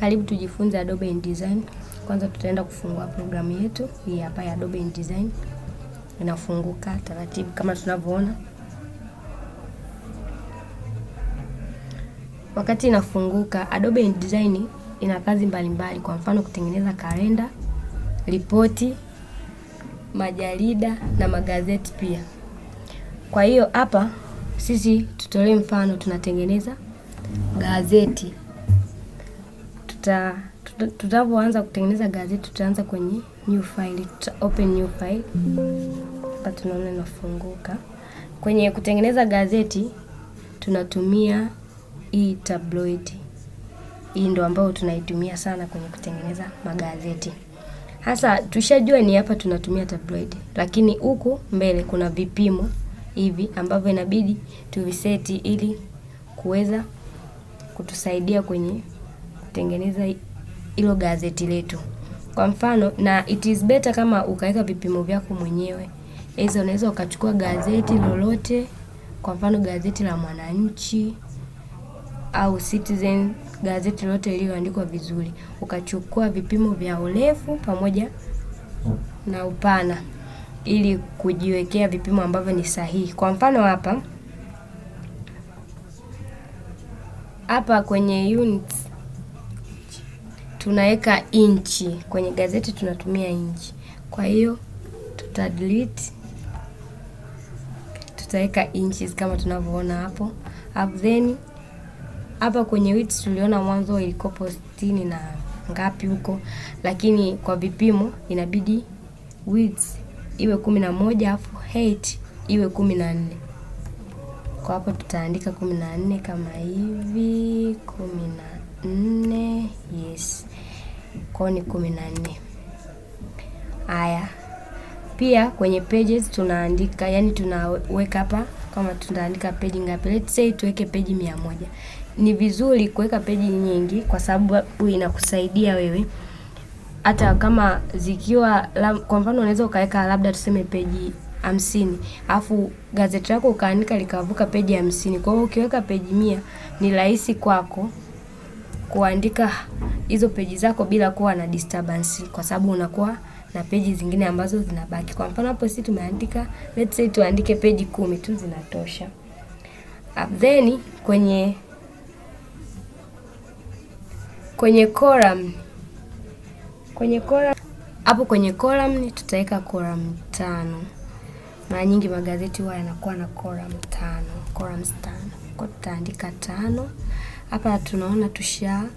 Karibu tujifunze Adobe InDesign. Kwanza tutaenda kufungua programu yetu hii hapa ya Adobe InDesign. Inafunguka taratibu kama tunavyoona. Wakati inafunguka, Adobe InDesign ina kazi mbalimbali, kwa mfano kutengeneza kalenda, ripoti, majarida na magazeti pia. Kwa hiyo hapa sisi tutolee mfano, tunatengeneza gazeti tuta tutapoanza kutengeneza gazeti tutaanza kwenye new file, tuta open new file hapa, tunaona inafunguka. Kwenye kutengeneza gazeti tunatumia hii tabloid, hii ndo ambayo tunaitumia sana kwenye kutengeneza magazeti. Hasa tushajua ni hapa tunatumia tabloid, lakini huku mbele kuna vipimo hivi ambavyo inabidi tuviseti ili kuweza kutusaidia kwenye kutengeneza hilo gazeti letu. Kwa mfano na it is better kama ukaweka vipimo vyako mwenyewe. Hizo unaweza ukachukua gazeti lolote, kwa mfano gazeti la mwananchi au citizen gazeti lolote iliyoandikwa vizuri. Ukachukua vipimo vya urefu pamoja na upana ili kujiwekea vipimo ambavyo ni sahihi. Kwa mfano hapa, hapa kwenye units tunaweka inchi kwenye gazeti, tunatumia inchi. Kwa hiyo tuta delete, tutaweka inches kama tunavyoona hapo up, then hapa kwenye width tuliona mwanzo ilikopo sitini na ngapi huko, lakini kwa vipimo inabidi width iwe kumi na moja afu height iwe kumi na nne. Kwa hapo tutaandika kumi na nne kama hivi. kwao ni kumi na nne. Haya, pia kwenye pages tunaandika, yani tunaweka hapa kama tutaandika peji ngapi. Let's say tuweke peji mia moja. Ni vizuri kuweka peji nyingi kwa sababu inakusaidia wewe hata kama zikiwa lab, kwa mfano unaweza ukaweka labda tuseme peji hamsini alafu gazeti lako ukaandika likavuka peji hamsini. Kwa hiyo ukiweka peji mia ni rahisi kwako kuandika hizo peji zako bila kuwa na disturbance kwa sababu unakuwa na peji zingine ambazo zinabaki. Kwa mfano hapo sisi tumeandika let's say tuandike peji kumi tu zinatosha. Then kwenye kwenye column kwenye column hapo kwenye column tutaweka column tano. Mara nyingi magazeti huwa yanakuwa na column tano, columns tano. Kwa tutaandika tano. Hapa tunaona tushaa